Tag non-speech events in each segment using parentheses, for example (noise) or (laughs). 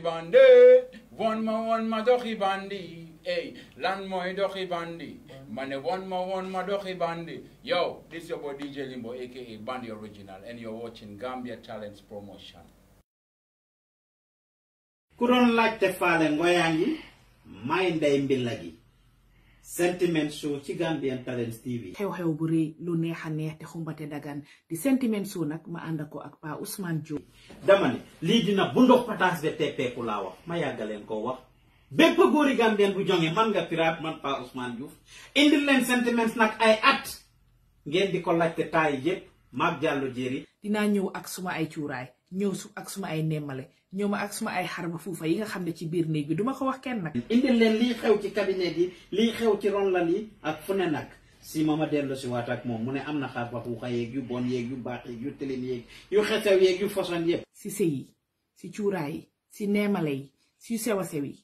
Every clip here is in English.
one more one my dochi bandi, hey, land more dochi bandi, man one more one my dochi bandi. Yo, this is your boy DJ Limbo, aka Bandi Original, and you're watching Gambia Talents Promotion. Kuron like the falen goyangi, mind the imbilagi. sentiment show ci Gambian Talents TV. xew-xew bu rëy lu neex a neex te xumbate dagan di sentiment show nag ma ànd ko ak Pa Ousman Joob. dama ne lii dina bu ndox pataas be teppeeku laa wax ma yàgg leen koo wax bépp góori Gambien bu jonge man nga piraat man Pa Ousman Joob indil leen sentiments nag ay at ngeen di ko laajte taay yépp maag jàllo jéeri dinaa ñëw ak suma ay cuuraay ñëw su ak suma ay nemmale ñëw ma ak suma ay xarba fuufa yi nga xam ne ci biir néeg bi duma ko wax kenn nag indil leen liy xew ci cabinet yi liy xew ci ronlal yi ak fu ne nag si ma ma dellu si waat ak moom mu ne am na xarba fuufa yeeg yu bon yeeg baax yu tëlin yeeg yu xesew yeeg yu façon yépp si sëy yi si cuuraay yi si neemale yi si sew a sew yi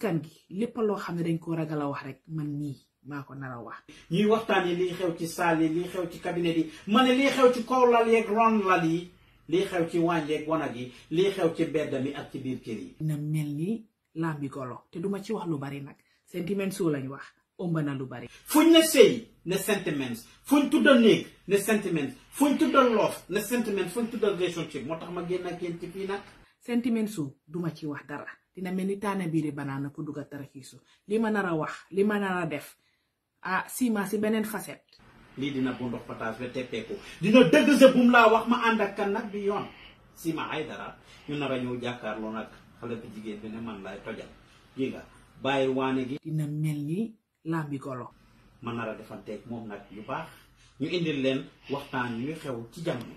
gi lépp loo xam ne dañ koo ragal a wax rek man nii maa ko nar a ñuy waxtaanee liy xew ci saal yi liy xew ci cabinet yi ma ne liy xew ci kaw lal yeeg ronlal yi lii xew ci wàññeeg wanag yi lii xew ci mbedd mi ak ci biir kër yi. na mel ni lambi golo te duma ci wax lu bari nag sentiments su lañ wax ëmb na lu bari. fuñ ne sëy ne sentiments fuñ tudda néeg ne sentiments fuñ tudda loof ne sentiments fuñ tudda relationship moo tax ma génn ak yéen ci fii nag. sentiments duma ci wax dara dina mel ni taana bii di banaana pour dugg a tarakiisu li ma nar a wax li ma nar a def ah si ma si beneen facette. lii dina bu ndox pataas ba teppeeku dina dëgg sa bum laa wax ma ànd ak kan nag bi yoon si ma ay dara ñu nar a ñëw jàkkaarloo nag xale bu jigéen bi ne man laay tojal yi nga bàyyi waane gi dina mel ni làmbi golo ma nar a defanteeg moom nag yu baax ñu indi leen waxtaan yuy xew ci jamono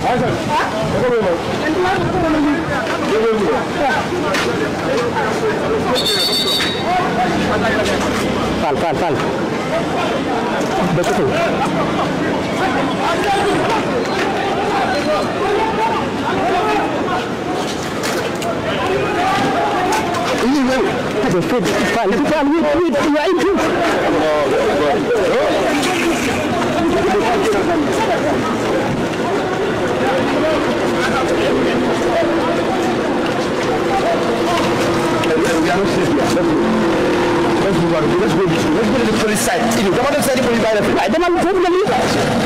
est tal, Il Let's go to the police side. Come on, let's go to the police side.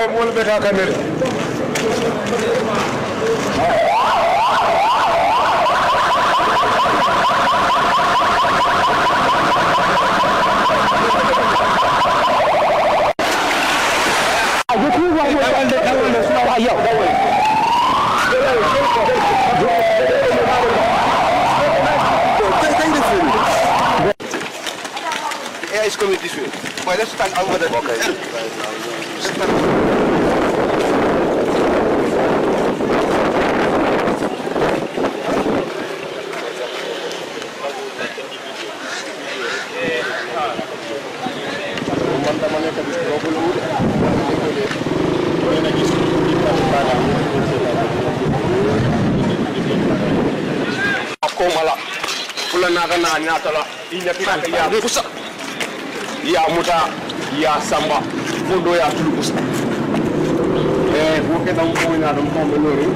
का मोल बैठा कर मेरे is coming this way. But let's stand over there. Okay. Let's Aku malah, pulang naga nanya telah, ini kita kaya. ya muta ya samba fo do ya tulu kusa e eh, fo ke tan ko ina dum ko be lori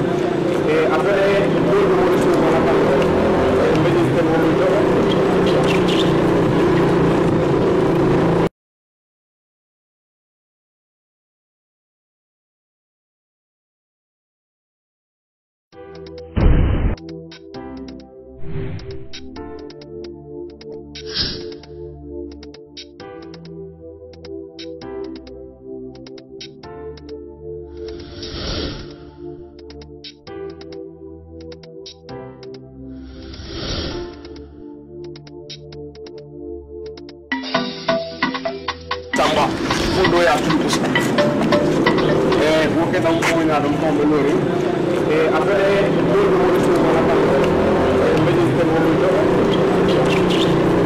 e après ko do mo so ko na ta be ni ko mo do que donc on a donc convenu et après deux jours on a parlé de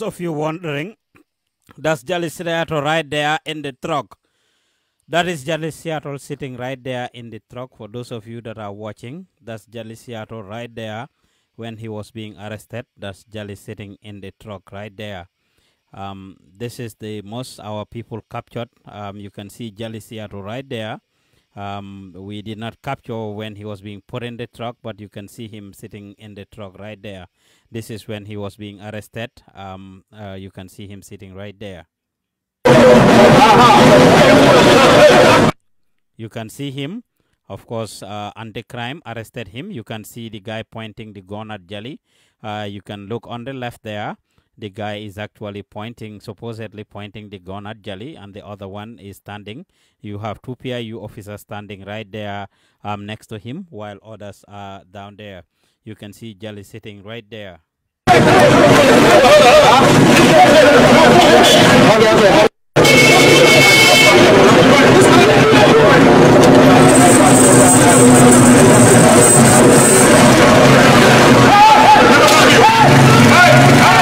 those of you wondering, that's Jali Seattle right there in the truck. That is Jali Seattle sitting right there in the truck. For those of you that are watching, that's Jali Seattle right there when he was being arrested. That's Jali sitting in the truck right there. Um, this is the most our people captured. Um, you can see Jali Seattle right there um, we did not capture when he was being put in the truck, but you can see him sitting in the truck right there. This is when he was being arrested. Um, uh, you can see him sitting right there. You can see him. Of course, uh, anti-crime arrested him. You can see the guy pointing the gun at Jelly. Uh, you can look on the left there the guy is actually pointing, supposedly pointing the gun at Jali, and the other one is standing. You have two PIU officers standing right there um, next to him, while others are down there. You can see Jali sitting right there. Hey! Hey!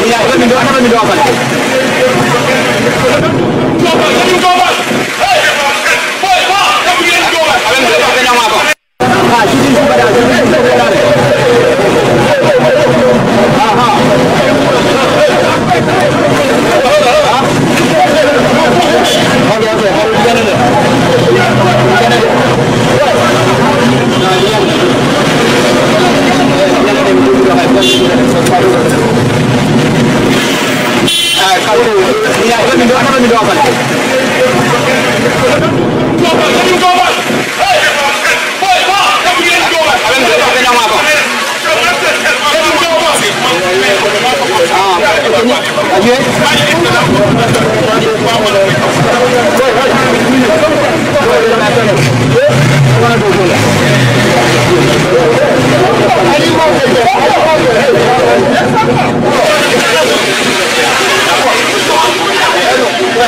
Iya, lebih dua, lebih dua apa?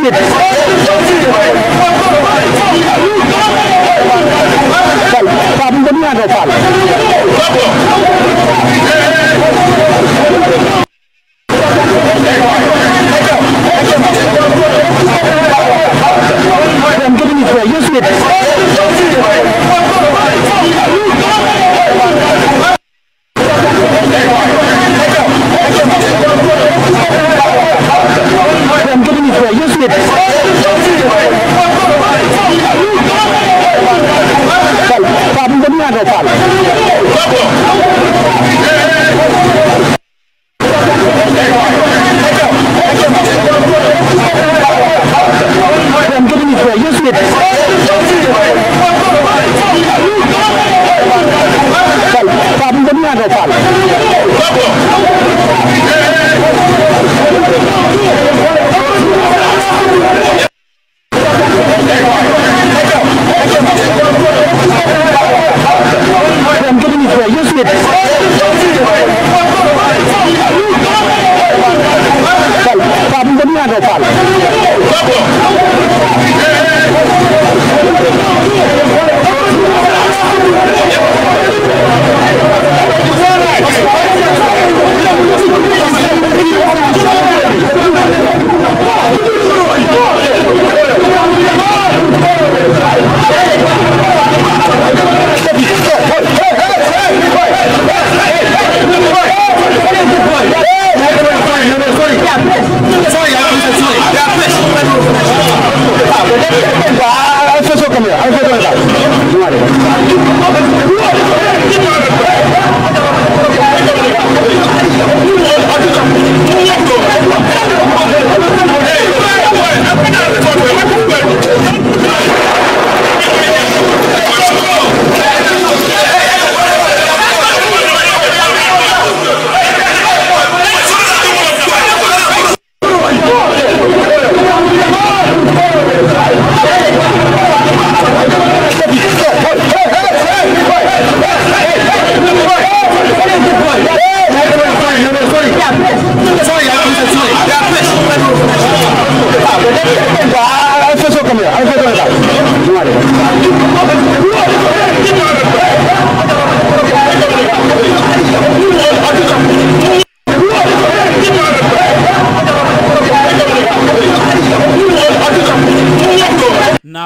Pap, mwen mwen an do pap.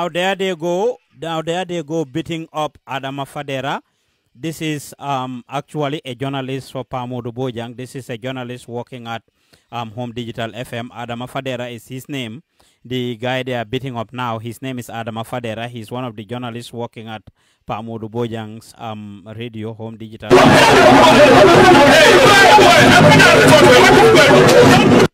Now there they go. Now there they go beating up Adama Fadera. This is um, actually a journalist for Pamodo Bojang. This is a journalist working at um, Home Digital FM. Adama Fadera is his name. The guy they are beating up now, his name is Adama Fadera. He's one of the journalists working at Pamodo Bojang's um, radio, Home Digital. (laughs)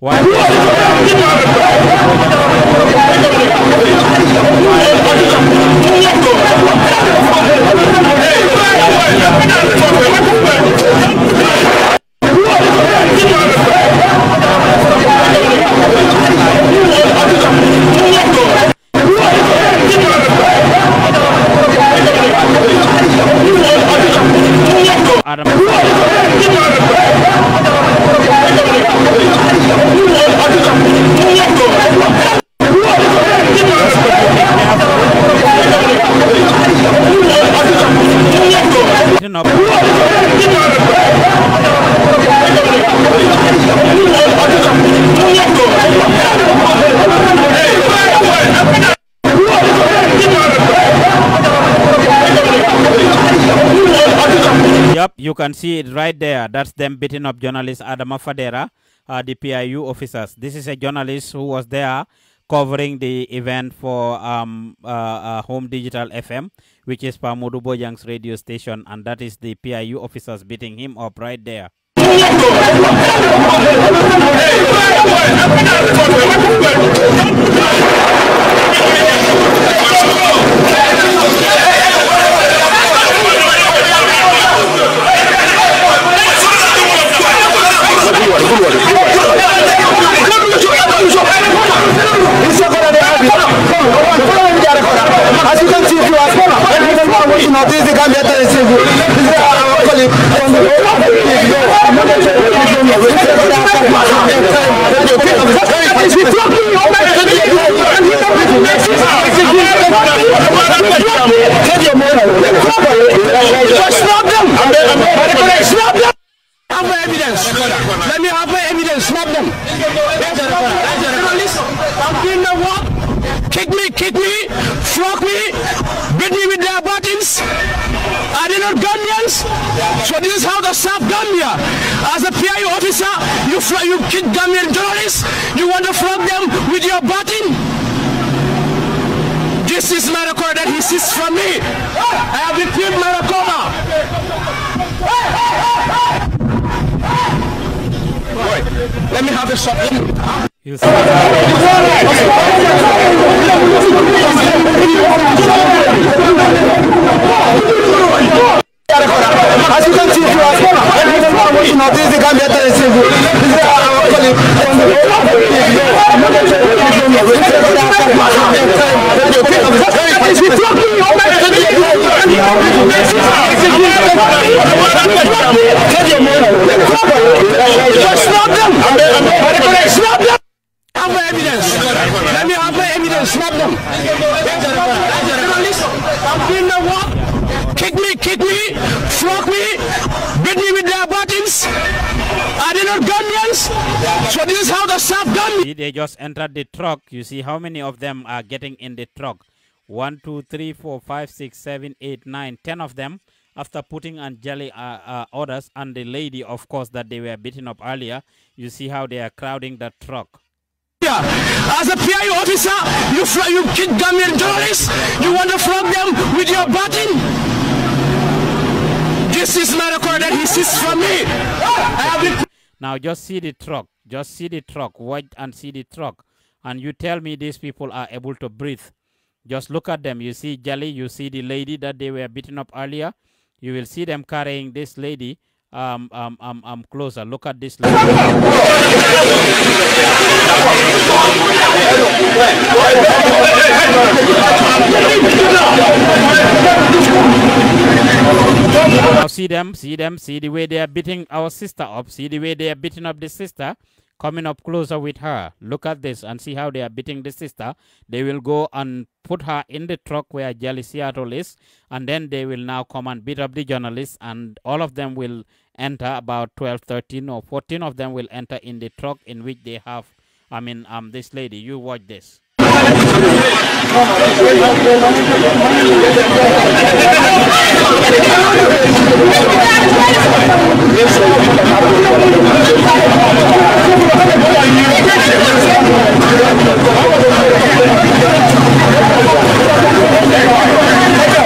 Why? can see it right there. That's them beating up journalist Adama Fadera, uh, the PIU officers. This is a journalist who was there covering the event for um, uh, uh, Home Digital FM, which is Pamudu Bojang's radio station, and that is the PIU officers beating him up right there. (laughs) As you can see, if you are everything from watching out, this is the Gambia Tennessee. This is our colleague. Stop them! Stop them! have evidence. Let me have my evidence. Slap them. I'm doing the work. Kick me, kick me, flog me, beat me with their buttons. Are they not Gambians? So this is how the South Gambia. As a PIU officer, you you kick Gambian journalists. You want to flog them with your button. This is my record that he sees from me. I have retrieved my recorder. boy. Let me have a shot As you can see, you are This is Gambia Teresivu. This is our colleague. Snap them! Snap them! Have evidence! Let me have evidence! Snap them! Terrorists! Do you know what? Kick me, kick me, flog me, Ghanaians? Are they not Ghanaians? So this is how the South Ghanaians... They just entered the truck. You see how many of them are getting in the truck. One, two, three, four, five, six, seven, eight, nine, ten of them after putting on jelly uh, uh, orders and the lady, of course, that they were beaten up earlier. You see how they are crowding the truck. Yeah. As a PIU officer, you, you kick Gambian journalists, you want to flog them with your button? This is not a car that he sees from me. now just see the truck. Just see the truck. Wait and see the truck. And you tell me these people are able to breathe. Just look at them. You see Jelly. You see the lady that they were beaten up earlier. You will see them carrying this lady um, um, um, um, closer. Look at this. Now see them, see them, see the way they are beating our sister up. See the way they are beating up the sister. Coming up closer with her. Look at this and see how they are beating the sister. They will go and put her in the truck where Jelly Seattle is, and then they will now come and beat up the journalists, and all of them will enter about 12 13 or 14 of them will enter in the truck in which they have i mean um this lady you watch this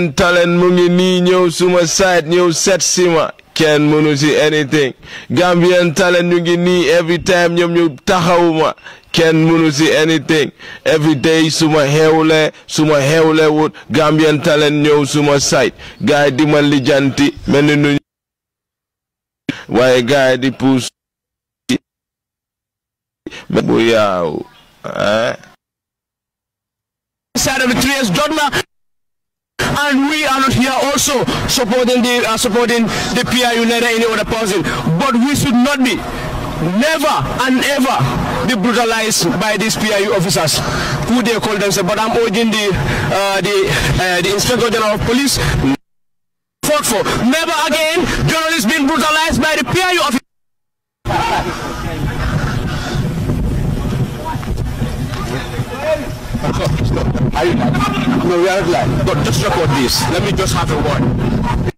Ken Talent mungi ni nii suma side new set sima Ken munu si anything Gambian Talent mungi ni every time ñoom ñu taxawuma Ken munu si anything every day suma xewle suma xewle wood. Gambian Talent new suma side gars di ma lijanti mel ni nu di pus. bu eh side of the trees, Jordan. and we are not here also supporting the uh, supporting the PR United any other person. But we should not be, never and ever be brutalized by these PIU officers who they call themselves. But I'm urging the uh, the uh, the Inspector General of Police fought for. Never again journalists being brutalized by the PIU officers. Stop, stop. Are you no, we are live. But just record this. Let me just have a word.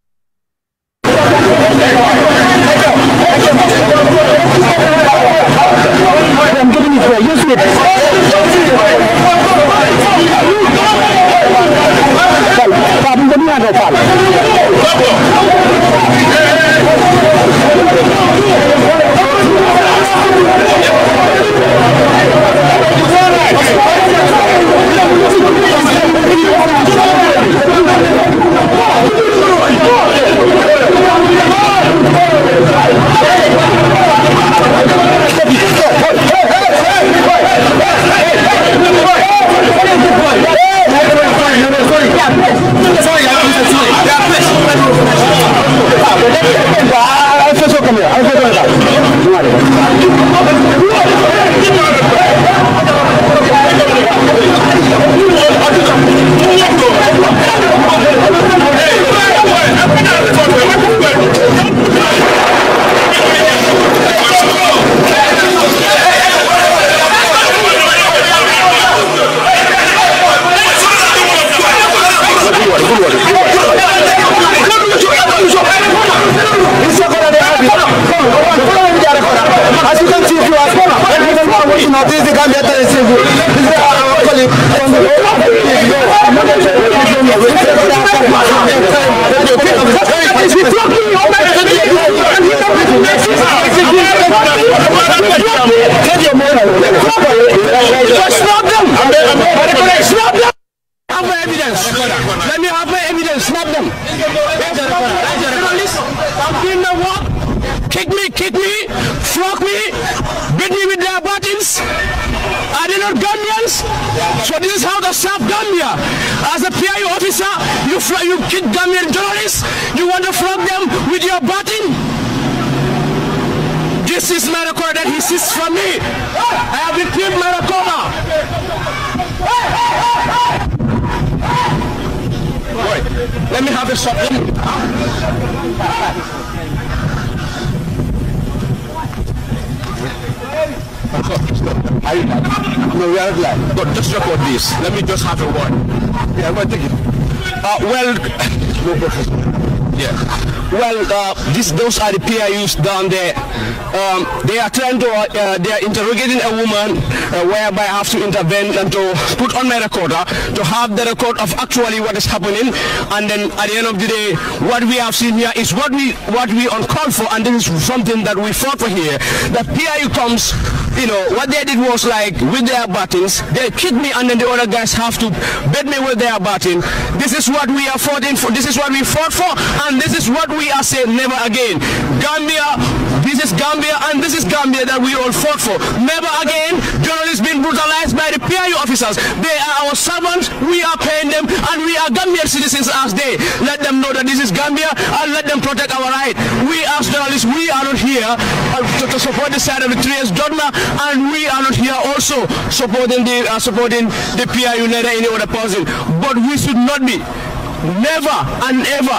shot him. No, we are glad. But just record this. Let me just have a word. Yeah, I'm going to take it. Uh, well, (laughs) no, professor. Yeah. Well, uh, this, those are the PIUs down there. Um, they are trying to, uh, they are interrogating a woman uh, whereby I have to intervene and to put on my recorder uh, to have the record of actually what is happening. And then at the end of the day, what we have seen here is what we what we on call for, and this is something that we fought for here. The PIU comes you know, what they did was like with their buttons, they kicked me and then the other guys have to beat me with their button. This is what we are fighting for. This is what we fought for and this is what we are saying never again. Gambia, this is Gambia and this is Gambia that we all fought for. Never again, journalists being brutalized by the PIU officers. They are our servants. We are paying them we are Gambian citizens as they. Let them know that this is Gambia and let them protect our right. We as journalists, we are not here uh, to, to support the side of the Trias dogma and we are not here also supporting the, uh, supporting the PIU leader in the other person. But we should not be never and ever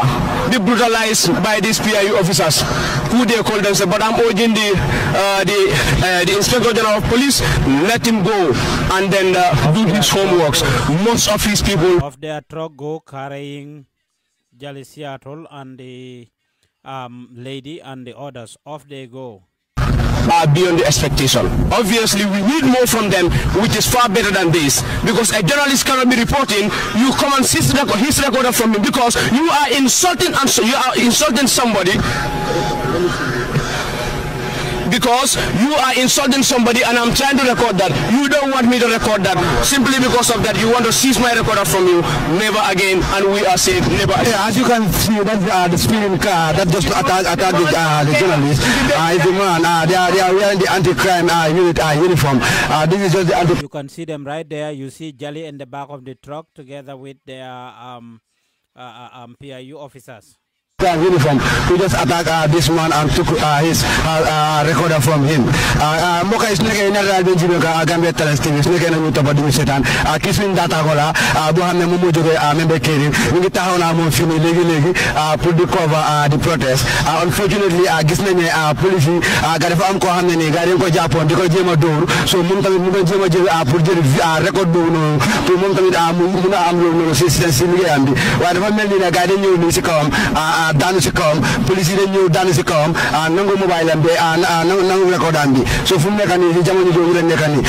be brutalized by these PIU officers who they call themselves. But I'm urging the uh, the, uh, the Inspector General of Police let him go and then uh, do his homeworks. Most of his people of their truck go carrying Jali Seattle and the um, lady and the others. Off they go are beyond the expectation. Obviously, we need more from them, which is far better than this, because a journalist cannot be reporting you come and see record, his record from him because you are insulting and so you are insulting somebody because you are insulting somebody and I'm trying to record that. You don't want me to record that. Simply because of that, you want to seize my recorder from you. Never again. And we are safe never again. Yeah, as you can see, that's uh, the speeding car uh, that just attacked attack the, uh, the journalist. Uh, is the man. Uh, they, are, they are wearing the anti-crime uh, unit uh, uniform. Uh, this is just the anti You can see them right there. You see Jali in the back of the truck together with their um, uh, uh um, PIU officers. uniform. We just attack uh, this man and took uh, his uh, uh recorder from him. Uh, uh, Moka is nake ina ga bin jibe Gambia Talents is nake na ñu topa duñu setan. Kismin data ko la bo xamne mo mo joge cover di protest. Unfortunately gis nañ ne police yi ga dafa am ko xamne ni ga dañ so mom tamit mu ngi jema record bo no. pour mom tamit mu mëna am lo non ci ci liggéeyam bi. Wa dafa daanu si kawam police yi dañ ñëw daanu si kawam ah nangu mobile am bi ah, ah nangu bi so fu mu nekk nii jamono jooju lañ nekk nii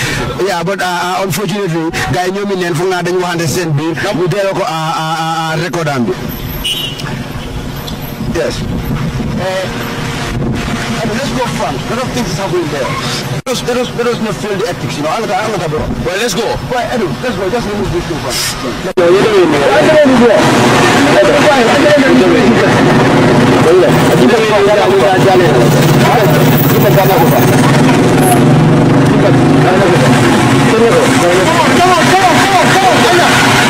yeah but ah, ah, unfortunately gars yi ñoom neen foog naa dañu waxante seen biir ñu delloo ko record bi yes eh, go front. A lot of things is happening there. Let us, let us, let us not fail the ethics, you know. I'm not, I'm not abroad. Well, let's go. Well, Edu, let's go. Just remove this thing from. No, you don't remove it. Why don't you do it? Come on, come on, come on, come on, come on!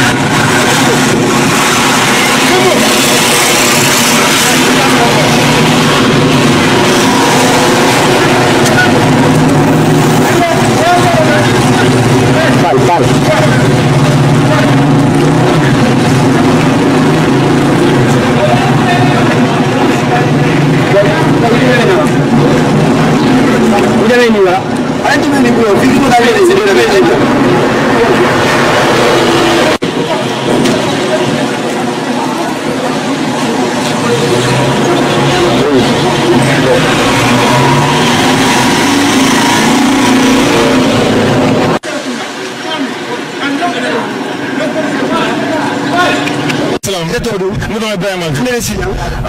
Vai, para. jooju mu doon Ibrahima nesi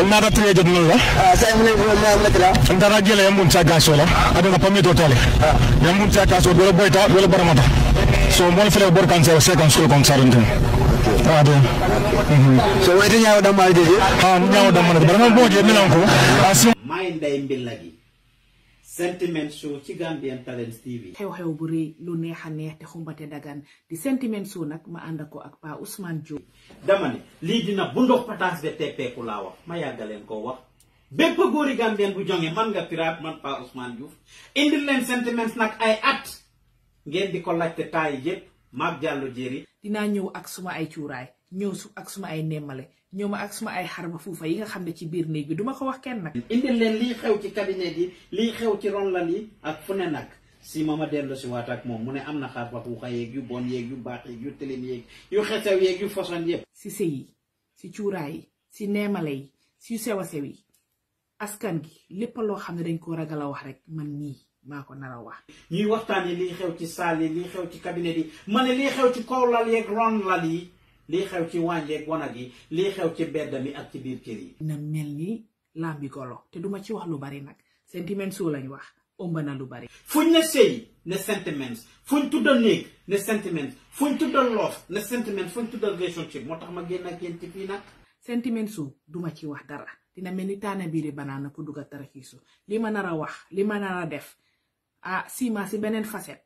naata tege jot noonu la ah, ndara jele yambun sa gaso la adana ah, pami to tale ah. yambun sa gaso dole boyta dole baramata so mon fele bor kan sa second school kon saruntum ade so wayta nyaawo dam ma jeje ha nyaawo dam ma dam mo boje milan ko asim may ndey mbilla gi Sentiment Show ci Gambian talent TV. xew-xew bu rëy lu neex te xumbate dagan di Sentiment Show nak ma andako ko ak Pa Ousmane liji dama ni li dina bu ndox de tp Bepe la wax ma yagalen ko wax bepp góori gambian bu jonge man nga pirate man Pa Ousmane Diouf indil len sentiments nak ay at ngeen di ko lacte tay yeb maag jàllu jeri dina ñew ak suma ay ciuray ñew su ak suma ay nemale ñoma ak suma ay xarba fufa yi nga xamne ci biir neeg bi duma ko wax kenn nak indil len li xew ci cabinet bi li xew ci la li ak fune nak si mama dellu si wat ak mom mune amna xarba na xarma fuuxa yeeg yu bon yeeg yu baax yeeg yu tëlin yeeg yu xetaw yeeg yu façon yépp si sëy si ciuray si neemale yi si sewa sewi askan gi lepp lo xamne dañ ko ragala wax rek man nii mako nara wax ñuy waxtane li xew ci saal li xew ci cabinet bi mané li xew ci kawlal yeeg ron la li lii xew ci wàññeeg wanag yi lii xew ci mbedd mi ak ci biir kër yi. na mel ni làmbi golo te duma ci wax lu bari nag sentiment su lañ wax ëmb na lu bari. fuñ ne sëy ne sentiments fuñ tudda néeg ne sentiments fuñ tudda loof ne sentiments fuñ tudda relationship moo tax ma génn ak yéen ci fii nag. sentiment su duma ci wax dara dina mel ni taana biiri banaana pour dugg a taraxiisu li ma nar a wax li ma nar a def ah si ma si beneen facette.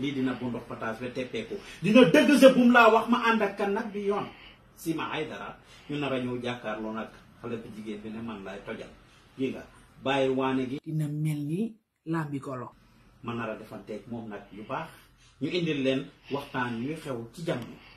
lii dina bu ndox pataas ba teppeeku dina dëgg sa bum laa wax ma ànd ak kan nag bi yoon si ma ay dara ñu nar a ñëw jàkkaarloo nag xale bu jigéen bi ne man laay tojal yi bàyyi waane gi dina mel ni làmbi golo ma nar a defanteeg moom nag yu baax ñu indi leen waxtaan yuy xew ci jamono